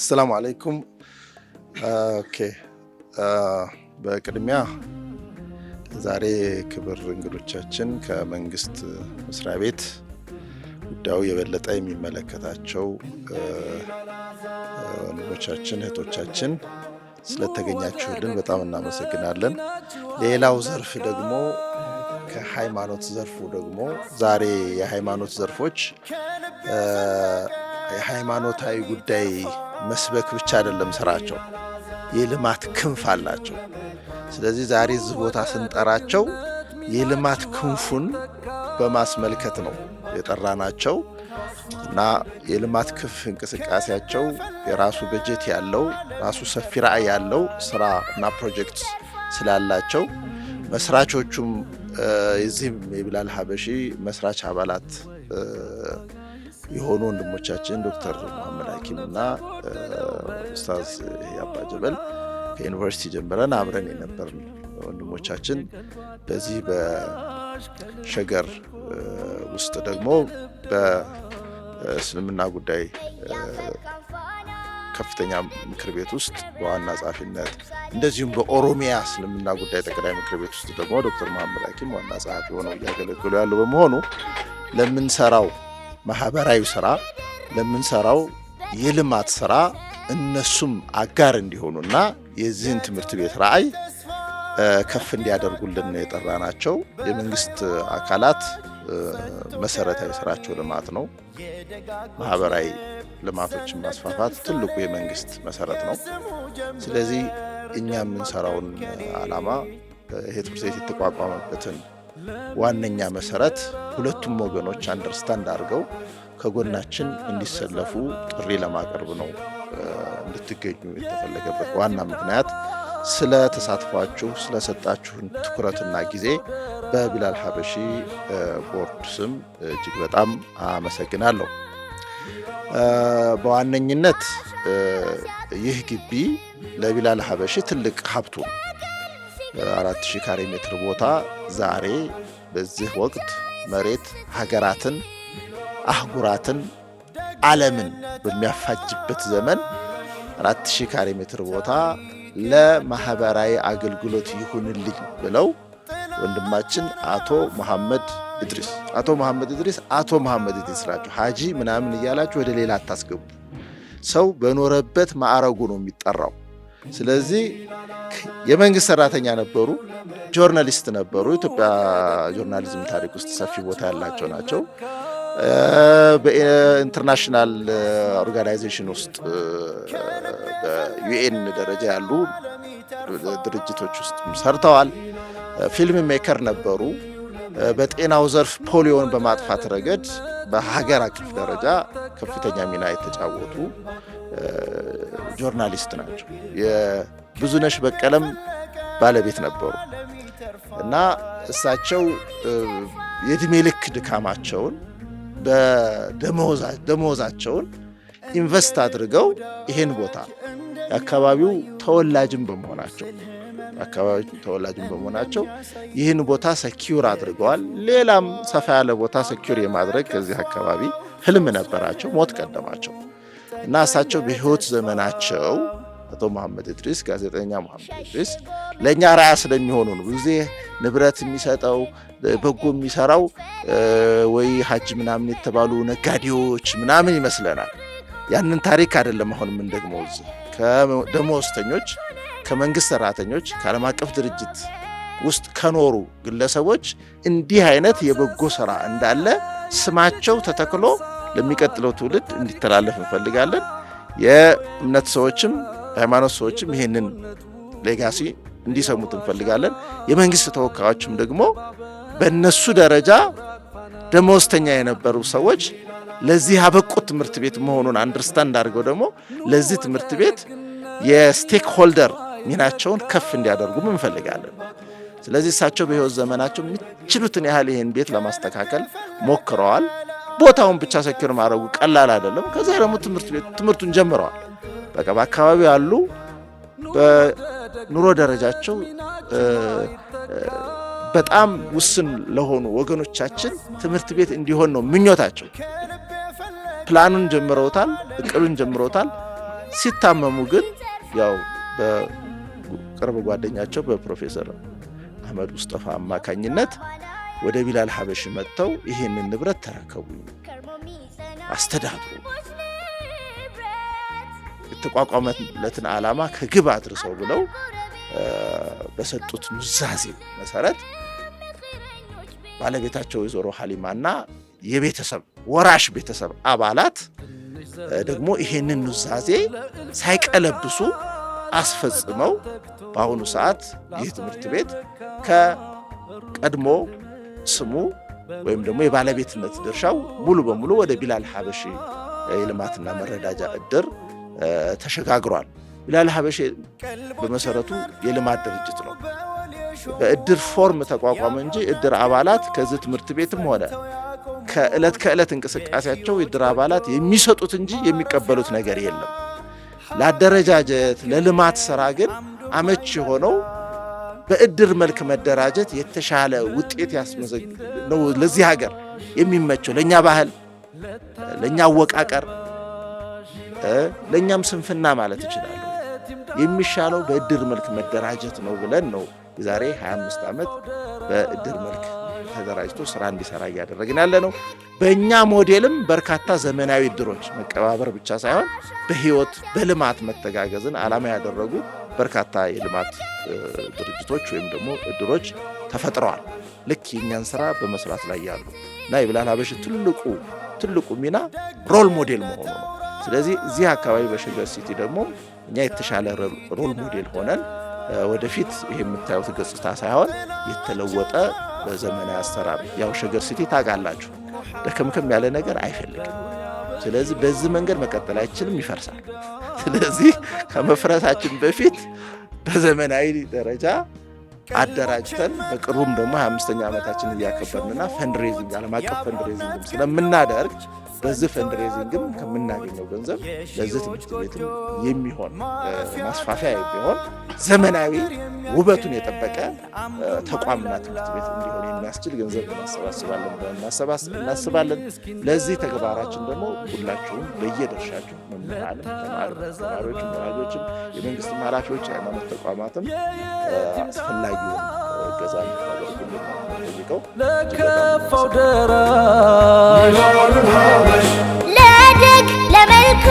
አሰላሙ አለይኩም። ኦኬ በቅድሚያ ዛሬ ክብር እንግዶቻችን ከመንግስት መስሪያ ቤት ጉዳዩ የበለጠ የሚመለከታቸው ወንድሞቻችን እህቶቻችን ስለተገኛችሁልን በጣም እናመሰግናለን። ሌላው ዘርፍ ደግሞ ከሃይማኖት ዘርፉ ደግሞ ዛሬ የሃይማኖት ዘርፎች የሃይማኖታዊ ጉዳይ መስበክ ብቻ አይደለም ስራቸው፣ የልማት ክንፍ አላቸው። ስለዚህ ዛሬ እዚህ ቦታ ስንጠራቸው የልማት ክንፉን በማስመልከት ነው የጠራናቸው እና የልማት ክንፍ እንቅስቃሴያቸው የራሱ በጀት ያለው ራሱ ሰፊ ራዕይ ያለው ስራ እና ፕሮጀክት ስላላቸው መስራቾቹም የዚህም የቢላል ሀበሺ መስራች አባላት የሆኑ ወንድሞቻችን ዶክተር መሐመድ ሀኪም እና ኡስታዝ አባ ጀበል ከዩኒቨርሲቲ ጀምረን አብረን የነበር ወንድሞቻችን በዚህ በሸገር ውስጥ ደግሞ በእስልምና ጉዳይ ከፍተኛ ምክር ቤት ውስጥ በዋና ጸሐፊነት እንደዚሁም በኦሮሚያ እስልምና ጉዳይ ጠቅላይ ምክር ቤት ውስጥ ደግሞ ዶክተር መሐመድ ሀኪም ዋና ጸሐፊ ሆነው እያገለገሉ ያሉ በመሆኑ ለምንሰራው ማህበራዊ ስራ ለምንሰራው የልማት ስራ እነሱም አጋር እንዲሆኑና የዚህን ትምህርት ቤት ራዕይ ከፍ እንዲያደርጉልን የጠራ ናቸው። የመንግስት አካላት መሰረታዊ ስራቸው ልማት ነው። ማህበራዊ ልማቶችን ማስፋፋት ትልቁ የመንግስት መሰረት ነው። ስለዚህ እኛ የምንሰራውን አላማ ይሄ ትምህርት ቤት የተቋቋመበትን ዋነኛ መሰረት ሁለቱም ወገኖች አንደርስታንድ አድርገው ከጎናችን እንዲሰለፉ ጥሪ ለማቅረብ ነው እንድትገኙ የተፈለገበት ዋና ምክንያት። ስለ ተሳትፏችሁ ስለሰጣችሁን ትኩረትና ጊዜ በቢላል ሀበሺ ቦርድ ስም እጅግ በጣም አመሰግናለሁ። በዋነኝነት ይህ ግቢ ለቢላል ሀበሺ ትልቅ ሀብቱ አራት ሺህ ካሬ ሜትር ቦታ ዛሬ በዚህ ወቅት መሬት ሀገራትን፣ አህጉራትን፣ ዓለምን በሚያፋጅበት ዘመን አራት ሺህ ካሬ ሜትር ቦታ ለማህበራዊ አገልግሎት ይሁንልኝ ብለው ወንድማችን አቶ መሐመድ እድሪስ አቶ መሐመድ እድሪስ አቶ መሐመድ እድሪስ ናቸው። ሀጂ ምናምን እያላችሁ ወደ ሌላ አታስገቡ። ሰው በኖረበት ማዕረጉ ነው የሚጠራው። ስለዚህ የመንግስት ሰራተኛ ነበሩ፣ ጆርናሊስት ነበሩ። ኢትዮጵያ ጆርናሊዝም ታሪክ ውስጥ ሰፊ ቦታ ያላቸው ናቸው። በኢንተርናሽናል ኦርጋናይዜሽን ውስጥ በዩኤን ደረጃ ያሉ ድርጅቶች ውስጥ ሰርተዋል። ፊልም ሜከር ነበሩ። በጤናው ዘርፍ ፖሊዮን በማጥፋት ረገድ በሀገር አቀፍ ደረጃ ከፍተኛ ሚና የተጫወቱ ጆርናሊስት ናቸው። የብዙነሽ በቀለም ባለቤት ነበሩ እና እሳቸው የእድሜ ልክ ድካማቸውን በደመወዛቸውን ኢንቨስት አድርገው ይሄን ቦታ የአካባቢው ተወላጅም በመሆናቸው አካባቢ ተወላጅም በመሆናቸው ይህን ቦታ ሰኪውር አድርገዋል። ሌላም ሰፋ ያለ ቦታ ሰኪውር የማድረግ ከዚህ አካባቢ ህልም ነበራቸው። ሞት ቀደማቸው። እና እሳቸው በህይወት ዘመናቸው አቶ መሐመድ እድሪስ ጋዜጠኛ መሐመድ እድሪስ ለእኛ ራያ ስለሚሆኑ ነው። ብዙ ጊዜ ንብረት የሚሰጠው በጎ የሚሰራው ወይ ሀጅ ምናምን የተባሉ ነጋዴዎች ምናምን ይመስለናል። ያንን ታሪክ አይደለም አሁን ምን ደግሞ ከደሞዝተኞች፣ ከመንግስት ሰራተኞች፣ ከዓለም አቀፍ ድርጅት ውስጥ ከኖሩ ግለሰቦች እንዲህ አይነት የበጎ ስራ እንዳለ ስማቸው ተተክሎ ለሚቀጥለው ትውልድ እንዲተላለፍ እንፈልጋለን። የእምነት ሰዎችም የሃይማኖት ሰዎችም ይህንን ሌጋሲ እንዲሰሙት እንፈልጋለን። የመንግስት ተወካዮችም ደግሞ በእነሱ ደረጃ ደመወዝተኛ የነበሩ ሰዎች ለዚህ ያበቁት ትምህርት ቤት መሆኑን አንደርስታንድ አድርገው ደግሞ ለዚህ ትምህርት ቤት የስቴክሆልደር ሚናቸውን ከፍ እንዲያደርጉም እንፈልጋለን። ስለዚህ እሳቸው በህይወት ዘመናቸው የሚችሉትን ያህል ይህን ቤት ለማስተካከል ሞክረዋል። ቦታውን ብቻ ሰኪር ማድረጉ ቀላል አይደለም። ከዛ ደግሞ ትምህርት ቤት ትምህርቱን ጀምረዋል። በቃ በአካባቢው ያሉ በኑሮ ደረጃቸው በጣም ውስን ለሆኑ ወገኖቻችን ትምህርት ቤት እንዲሆን ነው ምኞታቸው። ፕላኑን ጀምረውታል፣ እቅዱን ጀምረውታል። ሲታመሙ ግን ያው በቅርብ ጓደኛቸው በፕሮፌሰር አህመድ ሙስጠፋ አማካኝነት ወደ ቢላል ሀበሽ መጥተው ይሄንን ንብረት ተረከቡ፣ አስተዳድሩ፣ የተቋቋመለትን ዓላማ ከግብ አድርሰው ብለው በሰጡት ኑዛዜ መሰረት ባለቤታቸው ወይዘሮ ሀሊማና የቤተሰብ ወራሽ ቤተሰብ አባላት ደግሞ ይሄንን ኑዛዜ ሳይቀለብሱ አስፈጽመው በአሁኑ ሰዓት ይህ ትምህርት ቤት ከቀድሞ ስሙ ወይም ደግሞ የባለቤትነት ድርሻው ሙሉ በሙሉ ወደ ቢላል ሀበሺ የልማትና መረዳጃ እድር ተሸጋግሯል። ቢላል ሀበሺ በመሰረቱ የልማት ድርጅት ነው። በእድር ፎርም ተቋቋመ እንጂ እድር አባላት ከዚህ ትምህርት ቤትም ሆነ ከዕለት ከዕለት እንቅስቃሴያቸው የእድር አባላት የሚሰጡት እንጂ የሚቀበሉት ነገር የለም። ለአደረጃጀት ለልማት ስራ ግን አመች የሆነው በእድር መልክ መደራጀት የተሻለ ውጤት ያስመዘግ ነው ለዚህ ሀገር የሚመቸው ለእኛ ባህል፣ ለእኛ አወቃቀር፣ ለእኛም ስንፍና ማለት ይችላሉ። የሚሻለው በእድር መልክ መደራጀት ነው ብለን ነው የዛሬ 25 ዓመት በእድር መልክ ተደራጅቶ ስራ እንዲሰራ እያደረግን ያለ ነው። በእኛ ሞዴልም በርካታ ዘመናዊ እድሮች መቀባበር ብቻ ሳይሆን በህይወት በልማት መተጋገዝን ዓላማ ያደረጉ በርካታ የልማት ድርጅቶች ወይም ደግሞ እድሮች ተፈጥረዋል። ልክ የእኛን ስራ በመስራት ላይ ያሉ እና የቢላል ሐበሺ ትልቁ ትልቁ ሚና ሮል ሞዴል መሆኑ ነው። ስለዚህ እዚህ አካባቢ በሸገር ሲቲ ደግሞ እኛ የተሻለ ሮል ሞዴል ሆነን ወደፊት ይህ የምታዩት ገጽታ ሳይሆን የተለወጠ በዘመናዊ አሰራር ያው ሸገር ሲቲ ታውቃላችሁ፣ ደከምከም ያለ ነገር አይፈልግም። ስለዚህ በዚህ መንገድ መቀጠል አይችልም ይፈርሳል። ስለዚህ ከመፍረሳችን በፊት በዘመናዊ ደረጃ አደራጅተን በቅርቡም ደግሞ ሀያ አምስተኛ ዓመታችን እያከበርንና ፈንድሬዚንግ ዓለም አቀፍ ፈንድሬዚንግም ስለምናደርግ በዚህ ፈንድሬዚንግም ከምናገኘው ገንዘብ ለዚህ ትምህርት ቤትም የሚሆን ማስፋፊያ የሚሆን ዘመናዊ ውበቱን የጠበቀ ተቋም እና ትምህርት ቤት እንዲሆን የሚያስችል ገንዘብ እናሰባስባለን እናስባለን። ለዚህ ተግባራችን ደግሞ ሁላችሁም በየደርሻችሁ መምህራን፣ ተማሪዎች፣ ወላጆችም፣ የመንግስትም ኃላፊዎች፣ የሃይማኖት ተቋማትም አስፈላጊውን እገዛ ታደርጉልን ለከፋው ደራሽ ለደግ ለመልኩ